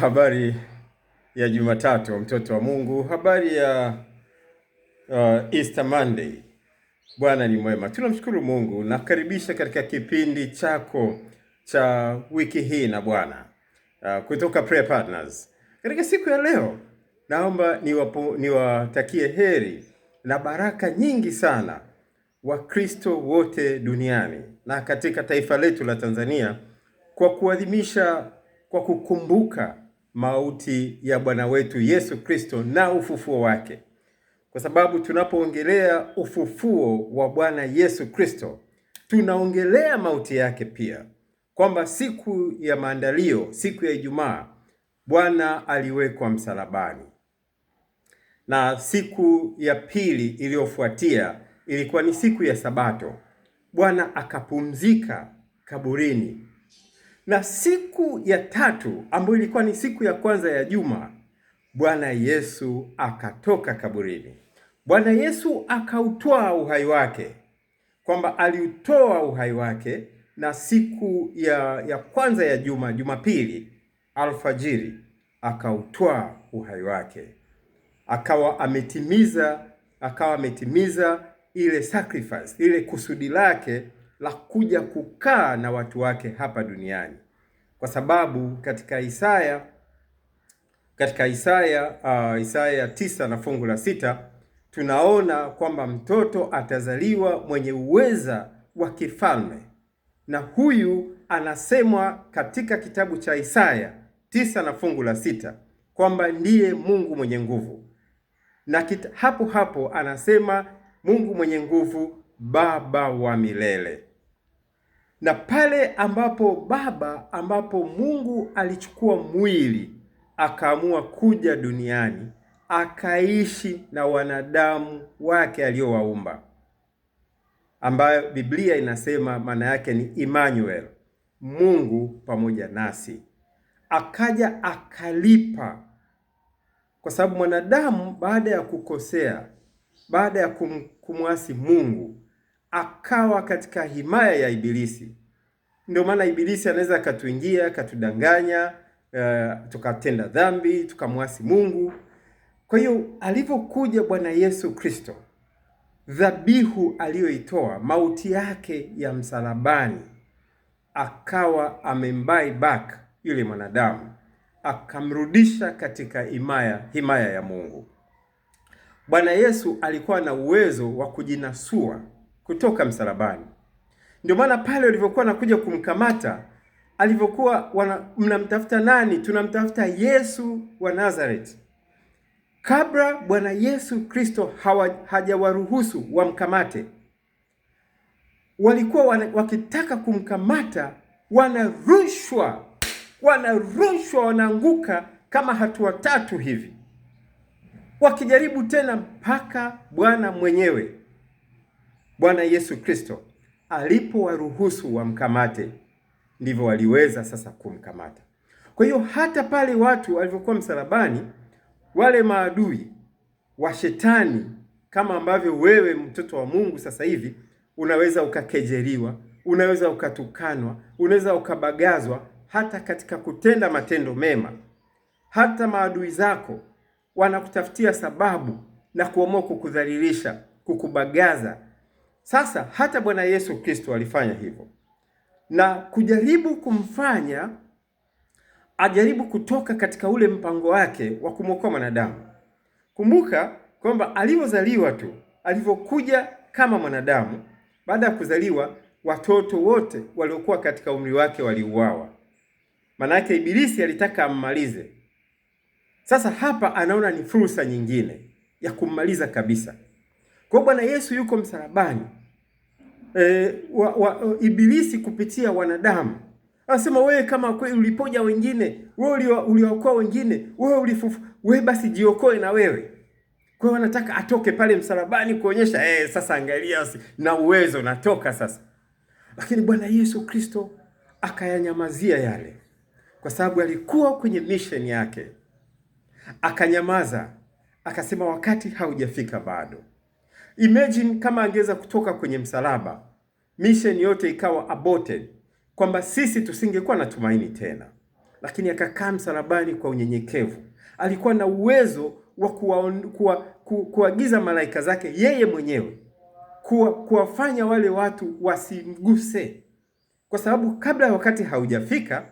Habari ya Jumatatu, mtoto wa Mungu. Habari ya uh, Easter Monday. Bwana ni mwema, tunamshukuru Mungu. Nakaribisha katika kipindi chako cha wiki hii na Bwana uh, kutoka Prayer Partners. Katika siku ya leo, naomba niwatakie niwa heri na baraka nyingi sana Wakristo wote duniani na katika taifa letu la Tanzania kwa kuadhimisha, kwa kukumbuka mauti ya Bwana wetu Yesu Kristo na ufufuo wake, kwa sababu tunapoongelea ufufuo wa Bwana Yesu Kristo tunaongelea mauti yake pia, kwamba siku ya maandalio, siku ya Ijumaa, Bwana aliwekwa msalabani, na siku ya pili iliyofuatia ilikuwa ni siku ya Sabato, Bwana akapumzika kaburini na siku ya tatu ambayo ilikuwa ni siku ya kwanza ya juma, Bwana Yesu akatoka kaburini. Bwana Yesu akautwaa uhai wake, kwamba aliutoa uhai wake, na siku ya, ya kwanza ya juma, Jumapili alfajiri, akautwaa uhai wake, akawa ametimiza akawa ametimiza ile sacrifice, ile kusudi lake la kuja kukaa na watu wake hapa duniani kwa sababu katika Isaya katika Isaya uh, Isaya tisa na fungu la sita tunaona kwamba mtoto atazaliwa mwenye uweza wa kifalme, na huyu anasemwa katika kitabu cha Isaya tisa na fungu la sita kwamba ndiye Mungu mwenye nguvu, na kita, hapo hapo anasema Mungu mwenye nguvu, Baba wa milele na pale ambapo Baba, ambapo Mungu alichukua mwili akaamua kuja duniani akaishi na wanadamu wake aliowaumba, ambayo Biblia inasema maana yake ni Emmanuel, Mungu pamoja nasi. Akaja akalipa, kwa sababu mwanadamu baada ya kukosea, baada ya kum, kumwasi Mungu akawa katika himaya ya Ibilisi. Ndio maana Ibilisi anaweza akatuingia akatudanganya, uh, tukatenda dhambi tukamwasi Mungu. Kwa hiyo alivyokuja Bwana Yesu Kristo, dhabihu aliyoitoa, mauti yake ya msalabani, akawa amembai back yule mwanadamu, akamrudisha katika himaya himaya ya Mungu. Bwana Yesu alikuwa na uwezo wa kujinasua kutoka msalabani. Ndio maana pale walivyokuwa nakuja kumkamata, alivyokuwa mnamtafuta nani? Tunamtafuta Yesu wa Nazareth. Kabla Bwana Yesu Kristo hajawaruhusu wamkamate, walikuwa wana, wakitaka kumkamata wanarushwa, wanarushwa, wanaanguka kama hatua tatu hivi, wakijaribu tena mpaka Bwana mwenyewe Bwana Yesu Kristo alipowaruhusu wamkamate, ndivyo waliweza sasa kumkamata. Kwa hiyo hata pale watu walivyokuwa msalabani, wale maadui wa shetani, kama ambavyo wewe mtoto wa Mungu sasa hivi unaweza ukakejeriwa unaweza ukatukanwa, unaweza ukabagazwa hata katika kutenda matendo mema. Hata maadui zako wanakutafutia sababu na kuamua kukudhalilisha, kukubagaza sasa hata Bwana Yesu Kristo alifanya hivyo, na kujaribu kumfanya ajaribu kutoka katika ule mpango wake wa kumwokoa mwanadamu. Kumbuka kwamba alivyozaliwa tu, alivyokuja kama mwanadamu, baada ya kuzaliwa watoto wote waliokuwa katika umri wake waliuawa. Maana yake Ibilisi alitaka ammalize. Sasa hapa anaona ni fursa nyingine ya kummaliza kabisa. Kwa Bwana Yesu yuko msalabani. E, wa, wa, e, Ibilisi kupitia wanadamu anasema wewe, kama kweli uliponya wengine, wewe uliokoa wengine, wewe ulifufu, wewe basi jiokoe na wewe. Kwa hiyo anataka atoke pale msalabani kuonyesha eh, sasa angalia na uwezo natoka sasa. Lakini Bwana Yesu Kristo akayanyamazia yale, kwa sababu alikuwa kwenye misheni yake, akanyamaza, akasema wakati haujafika bado. Imagine kama angeweza kutoka kwenye msalaba, mission yote ikawa aborted, kwamba sisi tusingekuwa na tumaini tena, lakini akakaa msalabani kwa unyenyekevu. Alikuwa na uwezo wa kuagiza kuwa, kuwa, malaika zake yeye mwenyewe kuwa, kuwafanya wale watu wasimguse, kwa sababu kabla wakati haujafika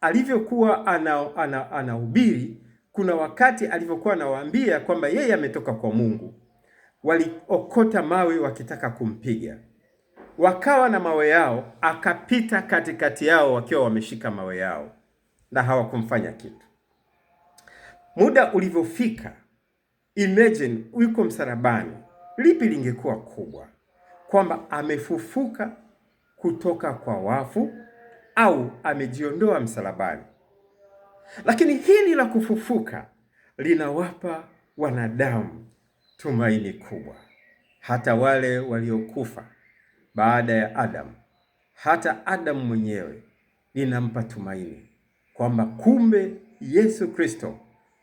alivyokuwa anahubiri ana, ana kuna wakati alivyokuwa anawaambia kwamba yeye ametoka kwa Mungu waliokota mawe wakitaka kumpiga, wakawa na mawe yao, akapita katikati yao wakiwa wameshika mawe yao na hawakumfanya kitu. Muda ulivyofika, imagine uko msalabani, lipi lingekuwa kubwa, kwamba amefufuka kutoka kwa wafu au amejiondoa msalabani? Lakini hili la kufufuka linawapa wanadamu tumaini kubwa. Hata wale waliokufa baada ya Adamu, hata Adamu mwenyewe linampa tumaini kwamba kumbe Yesu Kristo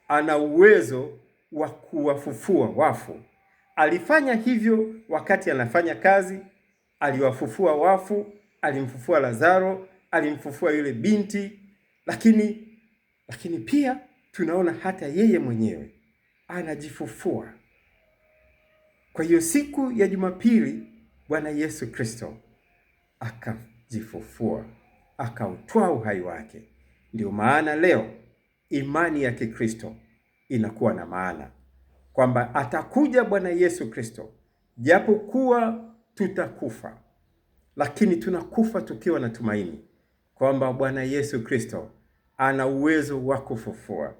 ana uwezo wa kuwafufua wafu. Alifanya hivyo wakati anafanya kazi, aliwafufua wafu, alimfufua Lazaro, alimfufua yule binti, lakini lakini pia tunaona hata yeye mwenyewe anajifufua kwa hiyo siku ya Jumapili Bwana Yesu Kristo akajifufua, akautwaa uhai wake. Ndio maana leo imani ya Kikristo inakuwa na maana kwamba atakuja Bwana Yesu Kristo, japokuwa tutakufa, lakini tunakufa tukiwa na tumaini kwamba Bwana Yesu Kristo ana uwezo wa kufufua.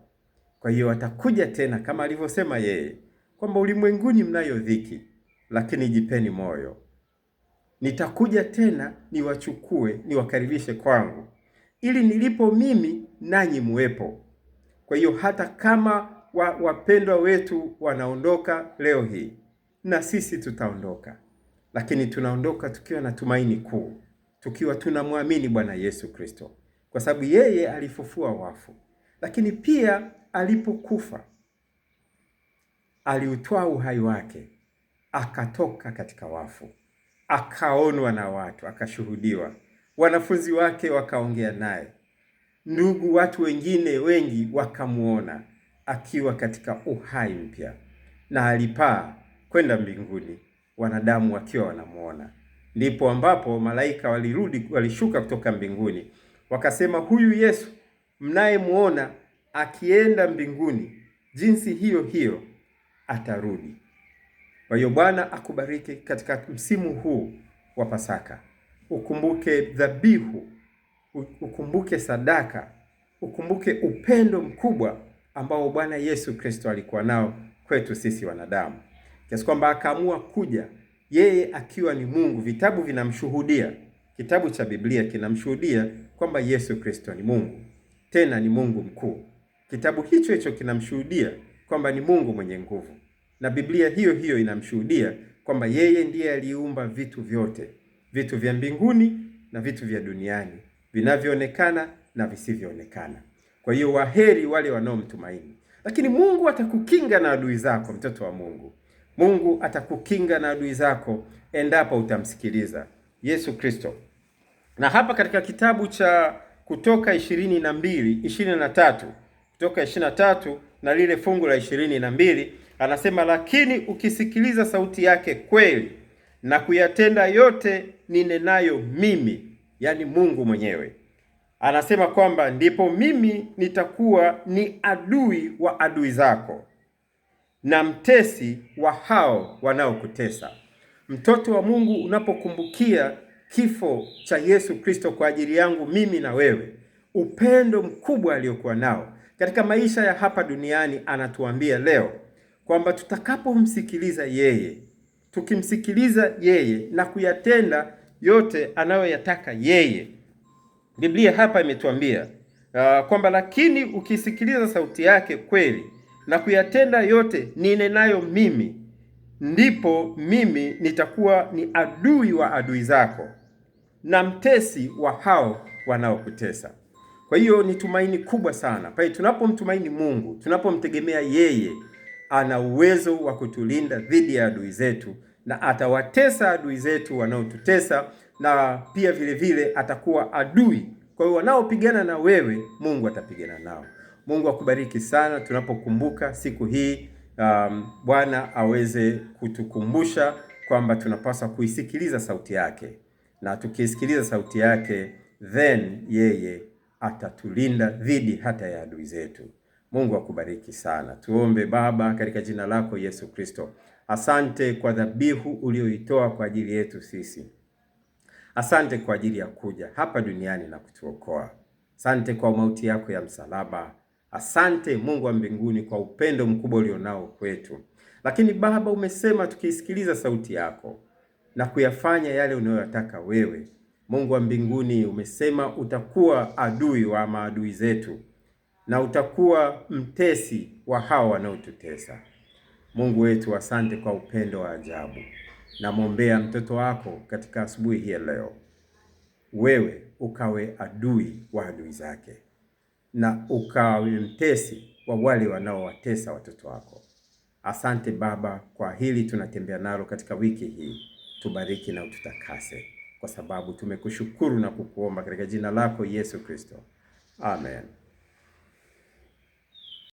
Kwa hiyo atakuja tena kama alivyosema yeye kwamba ulimwenguni mnayo dhiki, lakini jipeni moyo, nitakuja tena niwachukue, niwakaribishe kwangu, ili nilipo mimi nanyi muwepo. Kwa hiyo hata kama wa, wapendwa wetu wanaondoka leo hii, na sisi tutaondoka, lakini tunaondoka tukiwa na tumaini kuu, tukiwa tunamwamini Bwana Yesu Kristo, kwa sababu yeye alifufua wafu, lakini pia alipokufa aliutwaa uhai wake, akatoka katika wafu, akaonwa na watu, akashuhudiwa. Wanafunzi wake wakaongea naye, ndugu, watu wengine wengi wakamwona akiwa katika uhai mpya, na alipaa kwenda mbinguni, wanadamu wakiwa wanamwona. Ndipo ambapo malaika walirudi, walishuka kutoka mbinguni, wakasema, huyu Yesu mnayemwona akienda mbinguni, jinsi hiyo hiyo atarudi. Kwa hiyo Bwana akubariki katika msimu huu wa Pasaka. Ukumbuke dhabihu, ukumbuke sadaka, ukumbuke upendo mkubwa ambao Bwana Yesu Kristo alikuwa nao kwetu sisi wanadamu, kiasi kwamba akaamua kuja yeye akiwa ni Mungu. Vitabu vinamshuhudia, kitabu cha Biblia kinamshuhudia kwamba Yesu Kristo ni Mungu, tena ni Mungu mkuu. Kitabu hicho hicho kinamshuhudia kwamba ni Mungu mwenye nguvu, na Biblia hiyo hiyo inamshuhudia kwamba yeye ndiye aliumba vitu vyote, vitu vya mbinguni na vitu vya duniani, vinavyoonekana na visivyoonekana. Kwa hiyo waheri wale wanaomtumaini. Lakini Mungu atakukinga na adui zako, mtoto wa Mungu. Mungu atakukinga na adui zako endapo utamsikiliza Yesu Kristo. Na hapa katika kitabu cha Kutoka ishirini na mbili ishirini na tatu Kutoka ishirini na tatu na lile fungu la ishirini na mbili anasema, lakini ukisikiliza sauti yake kweli na kuyatenda yote ninenayo mimi, yani Mungu mwenyewe anasema kwamba ndipo mimi nitakuwa ni adui wa adui zako na mtesi wa hao wanaokutesa. Mtoto wa Mungu, unapokumbukia kifo cha Yesu Kristo kwa ajili yangu mimi na wewe, upendo mkubwa aliokuwa nao katika maisha ya hapa duniani anatuambia leo kwamba tutakapomsikiliza yeye, tukimsikiliza yeye na kuyatenda yote anayoyataka yeye, Biblia hapa imetuambia uh, kwamba lakini ukisikiliza sauti yake kweli na kuyatenda yote ninenayo mimi, ndipo mimi nitakuwa ni adui wa adui zako na mtesi wa hao wanaokutesa. Kwa hiyo ni tumaini kubwa sana pale tunapomtumaini Mungu, tunapomtegemea yeye, ana uwezo wa kutulinda dhidi ya adui zetu, na atawatesa adui zetu wanaotutesa, na pia vile vile atakuwa adui. Kwa hiyo wanaopigana na wewe, Mungu atapigana nao. Mungu akubariki sana tunapokumbuka siku hii. Um, Bwana aweze kutukumbusha kwamba tunapaswa kuisikiliza sauti yake, na tukisikiliza sauti yake then yeye atatulinda dhidi hata ya adui zetu. Mungu akubariki sana. Tuombe. Baba, katika jina lako Yesu Kristo, asante kwa dhabihu uliyoitoa kwa ajili yetu sisi. Asante kwa ajili ya kuja hapa duniani na kutuokoa. Asante kwa mauti yako ya msalaba. Asante Mungu wa mbinguni kwa upendo mkubwa ulionao kwetu. Lakini Baba, umesema tukiisikiliza sauti yako na kuyafanya yale unayoyataka wewe Mungu wa mbinguni, umesema utakuwa adui wa maadui zetu na utakuwa mtesi wa hawa wanaotutesa. Mungu wetu, asante kwa upendo wa ajabu. Namwombea mtoto wako katika asubuhi hii leo, wewe ukawe adui wa adui zake na ukawe mtesi wa wale wanaowatesa watoto wako. Asante Baba kwa hili tunatembea nalo katika wiki hii, tubariki na ututakase kwa sababu tumekushukuru na kukuomba katika jina lako Yesu Kristo, amen.